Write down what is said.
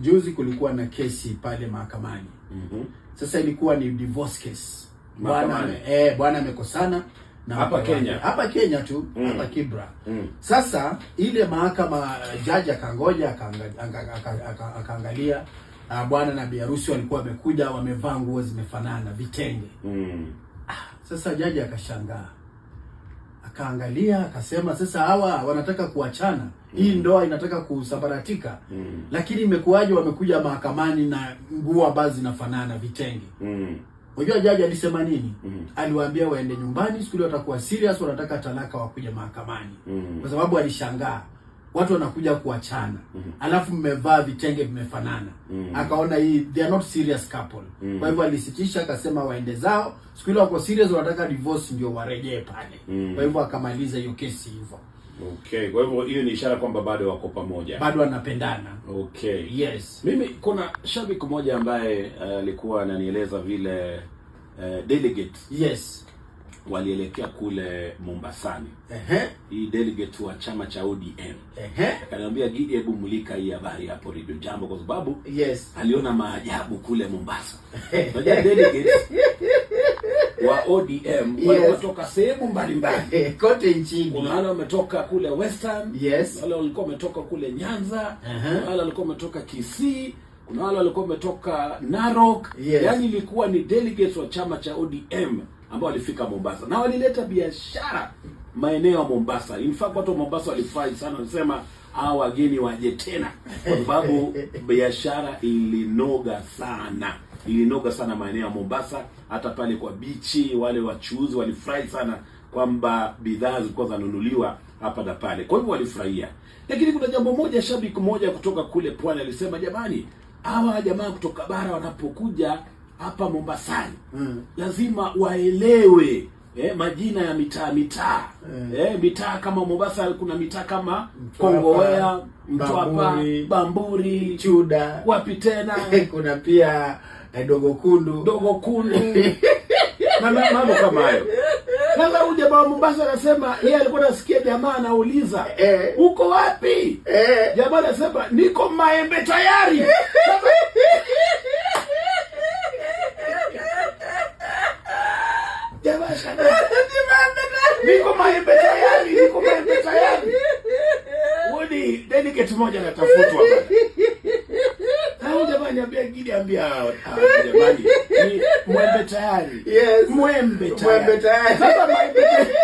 juzi kulikuwa na kesi pale mahakamani mm -hmm. Sasa ilikuwa ni divorce case, bwana eh, bwana amekosana na hapa Kenya, hapa Kenya tu mm. hapa Kibra mm. Sasa ile mahakama uh, jaji akangoja akaangalia uh, bwana na biharusi walikuwa wamekuja wamevaa nguo zimefanana vitenge mm. Ah, sasa jaji akashangaa Akaangalia akasema, sasa hawa wanataka kuachana mm. hii ndoa inataka kusambaratika mm. lakini imekuwaje wamekuja mahakamani na nguo ambazo zinafanana vitenge? mm. Unajua jaji alisema nini? mm. aliwaambia waende nyumbani, siku ile watakuwa serious, wanataka talaka, wakuja mahakamani mm. kwa sababu alishangaa watu wanakuja kuachana mm -hmm. Alafu mmevaa vitenge vimefanana mm -hmm. Akaona hii they are not serious couple mm -hmm. Kwa hivyo alisitisha akasema waende zao, siku ile wako serious, wanataka divorce ndio warejee pale mm -hmm. Kwa hivyo akamaliza hiyo kesi hivyo. Okay, kwa hivyo hiyo ni ishara kwamba bado wako pamoja, bado wanapendana. Okay, yes. Mimi kuna shabiki mmoja ambaye eh, alikuwa uh, ananieleza vile uh, delegate yes walielekea kule Mombasani. Ehe. Hii delegate wa chama cha ODM. Ehe. Akaniambia Gidi, hebu mulika hii habari hapo Radio Jambo kwa sababu yes, aliona maajabu kule Mombasa. Unajua delegate wa ODM yes, kutoka sehemu mbalimbali kote nchini. Kuna wale wametoka kule Western, yes, wale walikuwa wametoka kule Nyanza, wale walikuwa wametoka Kisii kuna wale walikuwa wametoka Narok, yes. Yaani ilikuwa ni delegates wa chama cha ODM ambao walifika Mombasa na walileta biashara maeneo ya Mombasa. In fact watu wa Mombasa walifurahi sana, wanasema hawa wageni waje tena, kwa sababu biashara ilinoga sana, ilinoga sana maeneo ya Mombasa. Hata pale kwa bichi, wale wachuuzi walifurahi sana kwamba bidhaa zilikuwa zanunuliwa hapa na pale, kwa hivyo walifurahia. Lakini kuna jambo moja, shabiki mmoja kutoka kule pwani alisema, jamani, hawa jamaa kutoka bara wanapokuja hapa Mombasani mm. lazima waelewe eh, majina ya mitaa mitaa mm. eh, mitaa kama Mombasa kuna mitaa kama Kongowea, Mtwapa, Bamburi, Chuda, wapi tena kuna pia eh, Dogokundu Dogokundu na mambo kama hayo. Sasa huyu jamaa wa Mombasa anasema yeye alikuwa anasikia jamaa anauliza eh, uko wapi eh? Jamaa anasema niko Maembe tayari moja natafutwa. Hao ah, jamani, ambia gidi ambia hao jamani. Mwembe tayari. Yes. Mwembe tayari. Mwembe tayari.